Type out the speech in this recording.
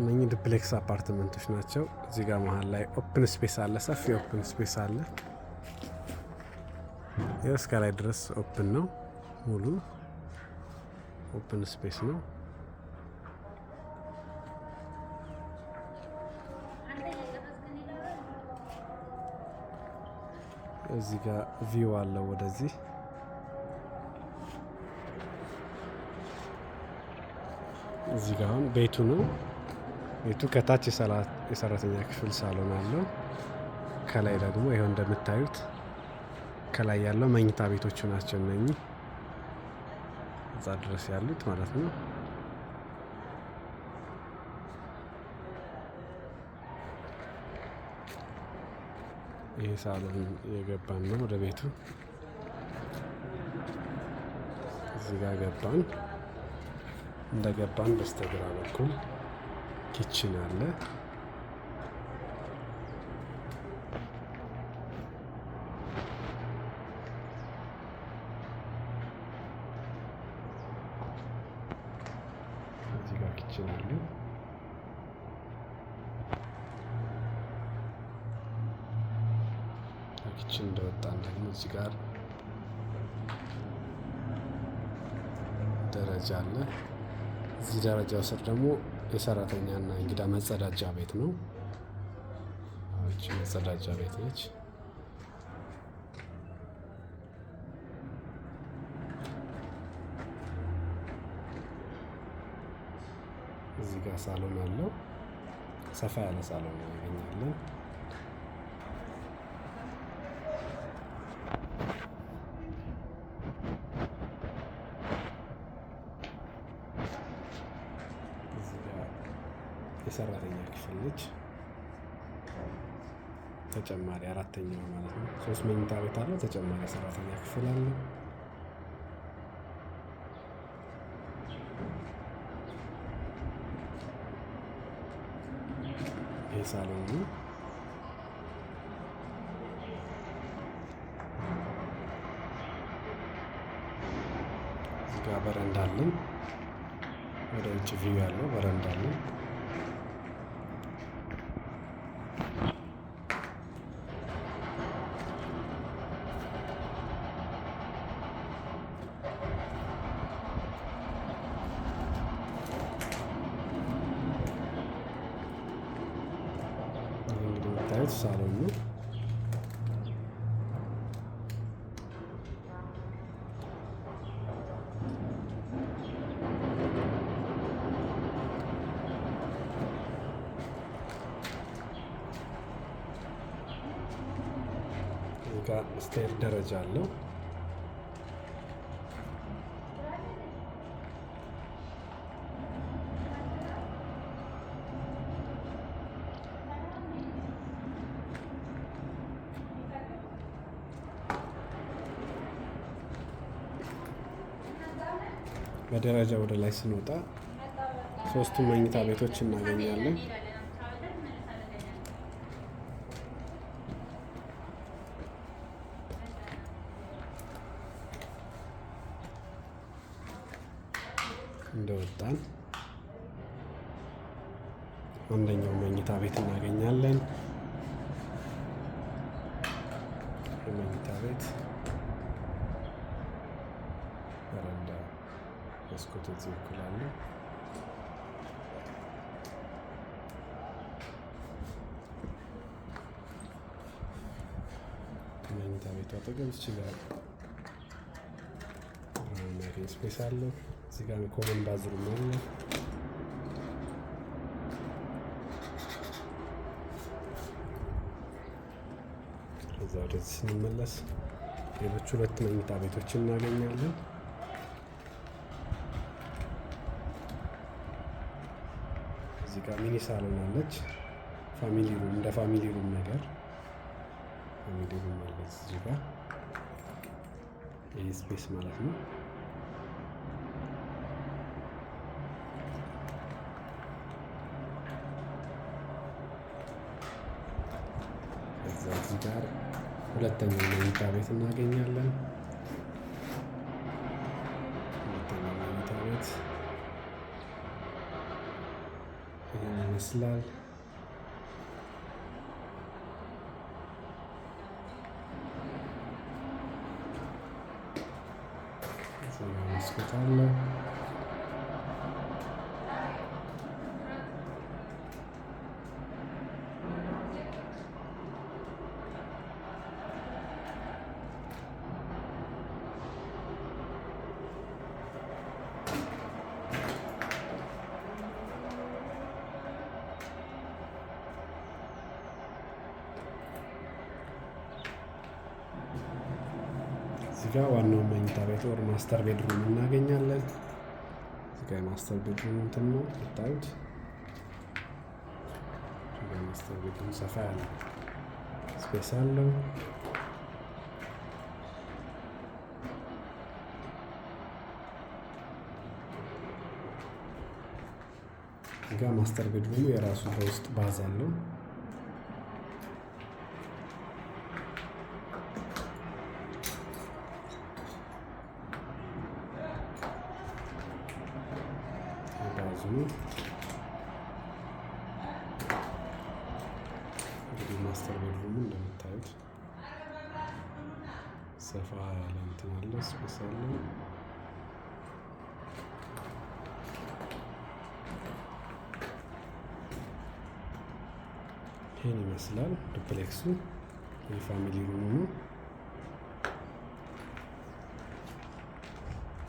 እነኚህ ዱፕሌክስ አፓርትመንቶች ናቸው። እዚህ ጋር መሀል ላይ ኦፕን ስፔስ አለ፣ ሰፊ ኦፕን ስፔስ አለ። እስከ ላይ ድረስ ኦፕን ነው፣ ሙሉ ኦፕን ስፔስ ነው። እዚህ ጋር ቪው አለው ወደዚህ እዚህ ጋር አሁን ቤቱ ነው። ቤቱ ከታች የሰራተኛ ክፍል ሳሎን አለው። ከላይ ደግሞ ይኸው እንደምታዩት ከላይ ያለው መኝታ ቤቶቹ ናቸው እነኚህ እዛ ድረስ ያሉት ማለት ነው። ይህ ሳሎን የገባን ነው ወደ ቤቱ እዚህ ጋር ገባን። እንደገባን በስተግራ በኩል Kitchener'le. Ziga Kitchener'le. Kitchen እንደወጣለን እዚህ ጋር ደረጃ አለ። እዚህ ደረጃ ስር ደግሞ የሰራተኛና እንግዳ መጸዳጃ ቤት ነው። ይች መጸዳጃ ቤት ነች። እዚህ ጋር ሳሎን አለው። ሰፋ ያለ ሳሎን ያገኛለን። የሰራተኛ ክፍል ነች። ተጨማሪ አራተኛው ማለት ነው። ሶስት መኝታ ቤት አለ፣ ተጨማሪ የሰራተኛ ክፍል አለ። ይህ ሳሎን ነው። እዚጋ በረንዳ አለን። ወደ ውጭ ቪው ያለው በረንዳ አለን። ሳሎን ስቴር ደረጃ አለው። በደረጃ ወደ ላይ ስንወጣ ሶስቱ መኝታ ቤቶች እናገኛለን። እንደወጣን አንደኛው መኝታ ቤት እናገኛለን። መኝታ ቤት መስኮት እዚህ በኩል አለ። መኝታ ቤቱ አጠገብ ይችላል። ስፔስ አለ። እዚህ ጋር ኮመን ባዝሩም አለ። ከዛ ወደዚህ ስንመለስ ሌሎች ሁለት መኝታ ቤቶች እናገኛለን። እዚህ ጋር ሚኒ ሳሎን አለች። ፋሚሊ ሩም እንደ ፋሚሊ ሩም ነገር ፋሚሊ ሩም አለች እዚህ ጋር ይህ ስፔስ ማለት ነው። ከዛ እዚህ ጋር ሁለተኛ መኝታ ቤት እናገኛለን። nesiller Şöyle yalnız katarla ጋር ዋናው መኝታ ቤት ወር ማስተር ቤድሩም እናገኛለን። እዚህ ጋ የማስተር ቤድሩም እንትን ነው ብታዩት፣ ማስተር ቤድሩም ሰፋ ያለ ስፔስ አለው። እዚህ ጋ ማስተር ቤድሩሙ የራሱ በውስጥ ባዝ አለው። እንግዲህ ማስተር ቤድሩሙ እንደምታዩት ሰፋ ያለ እንትን አለ፣ ስፔስ አለ። ይህን ይመስላል ዱፕሌክሱ የፋሚሊ ሩሙ ነው።